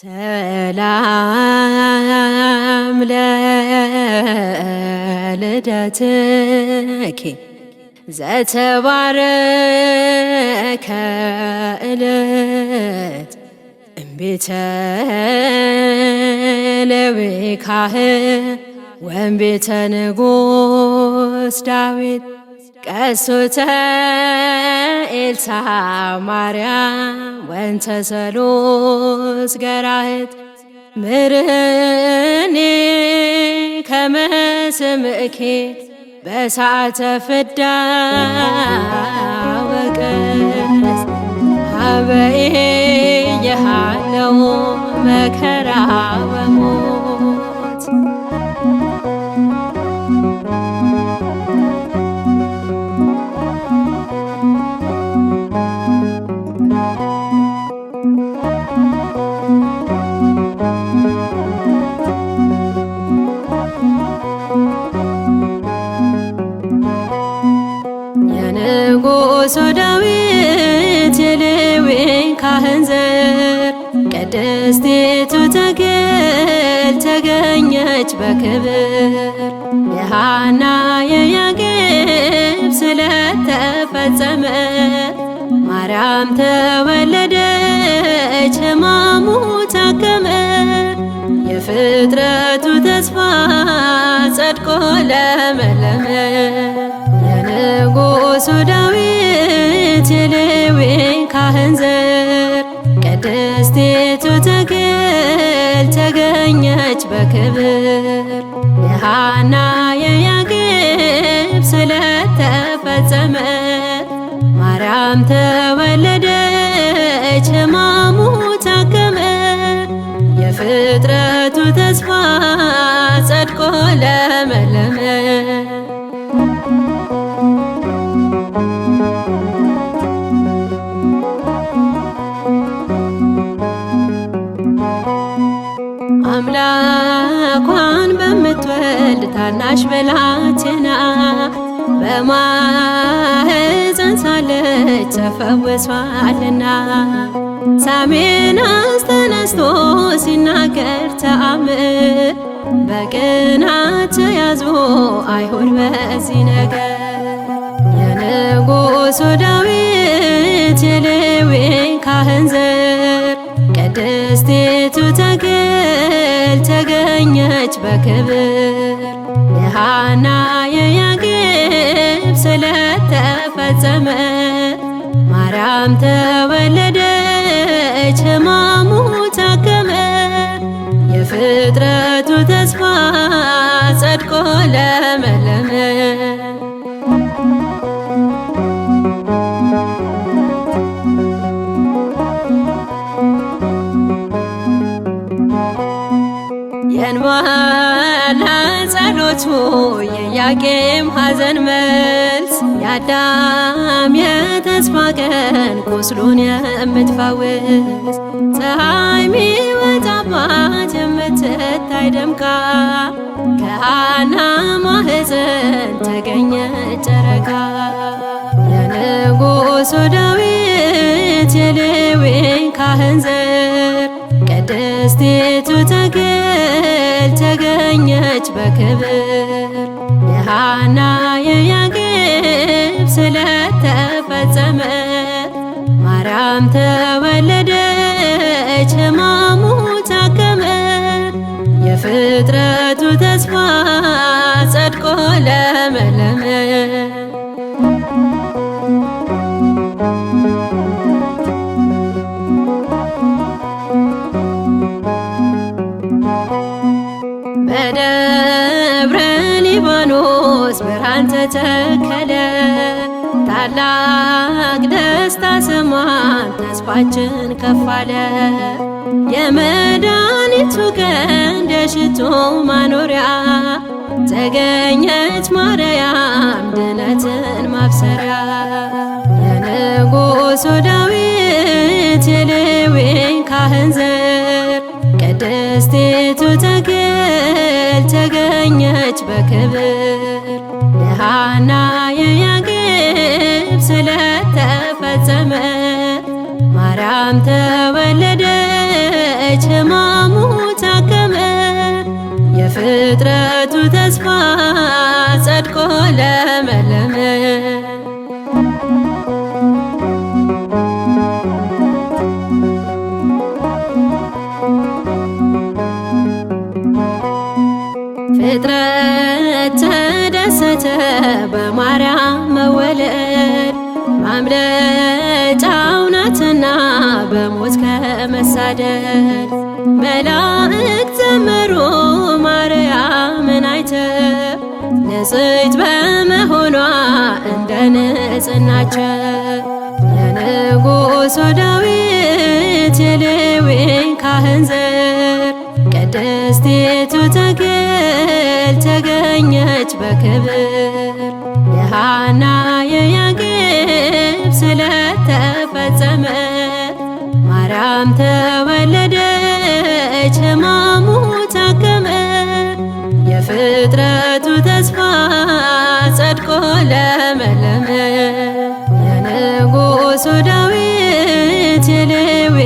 ሰላም ለልደትኪ ዘተባረከ ዕለት እምቢተ ሌዊካህ ወእምቢተ ንጉስ ዳዊት ቀሱተ ኤልሳዕ ማርያም ሰሎስ ገራህት ምርህኒ ከመስምእኬ በሰዓተ ፍዳ ንጉሡ ዳዊት የሌዊ ካህን ዘር ቅድስቲቱ ተገል ተገኘች በክብር የሃና የያዕቆብ ስለተፈጸመ ማርያም ተወለደች ሕማሙ ታከመ የፍጥረቱ ተስፋ ጸድቆ ለመለመ የንጉሡ ዳዊት ቅድስቲቱ ድንግል ተገኘች በክብር የሐና የያዕቆብ ስለተፈጸመ ማርያም ተወለደች ሕማሙ ታከመ የፍጥረቱ ተስፋ ጸድቆ ለመለመ ሐናሽ ብላቴ ናት በማህፀን ሳለች ተፈውሷልና ሳሜን አስተነስቶ ሲናገር ተአምር በቅናት ያዞ አይሁድ በዚህ ነገር የንጉሡ ዳዊት የሌዊ ካህን ዘር ቅድስቲቱ ተክል ተገኘች በክብር የሐና የያግብ ስለተፈጸመ ማርያም ተወለደች፣ ሕማሙ ታከመ። የፍጥረቱ ተስፋ ጸድቆ ለመለመ። የእንባና ጸሎቱ የያቄም ሐዘን መልስ የአዳም የተስፋ ቀን ቁስሉን የምትፈውስ ፀሐይ ሚወጣባት የምትታይ ደምቃ ከሐና ማህፀን ተገኘ ጨረቃ የንጉሱ ዳዊት የሌዊን ካህን ዘር ቅድስቲቱ ተገ ተገኘች በክብር የሐና የያግብ ስለተፈጸመ ማርያም ተወለደች ሕማሙ ታከመ የፍጥረቱ ተስፋ ጸድቆ ለመለመ ሰከለ ታላቅ ደስታ ስሟን ተስፋችን ከፍ አለ። የመድኃኒቱ ቀን ደሽቶ ማኖሪያ ተገኘች ማርያም ድነትን ማብሰሪያ የንጉሡ ዳዊት የሌዊን ካህን ዘር ቅድስቲቱ ተክል ተገኘች በክብር የሃና የያዕቆብ ስለተፈጸመ ማርያም ተወለደች፣ ሕማሙ ታከመ። የፍጥረቱ ተስፋ ጸድቆ ለመለመ። ፍጥረ በእናተ በማርያም መወለድ ማምለጫው ናትና በሞት ከመሳደድ መላእክት ዘመሩ ማርያምን አይተው ንጽሕት በመሆኗ እንደ ንጽሕናቸው የንጉሡ ዳዊት የሌዊን ካህን ዘር ደስቴቱ ትግል ተገኘች በክብር የሃና የያዕቆብ ስለተፈጸመ ማርያም ተወለደች፣ ሕማሙ ታከመ። የፍጥረቱ ተስፋ ጸድቆ ለመለመ። የንጉሡ ዳዊት የሌዊ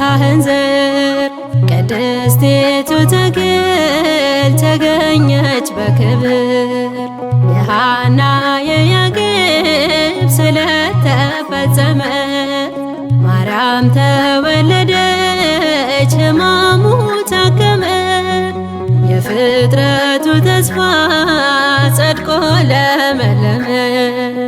ካህን ዘር ደስቴቱ ትግል ተገኘች በክብር የሃና የያዕቆብ ስለተፈጸመ ማርያም ተወለደች ሕማሙ ታከመ የፍጥረቱ ተስፋ ጸድቆ ለመለመ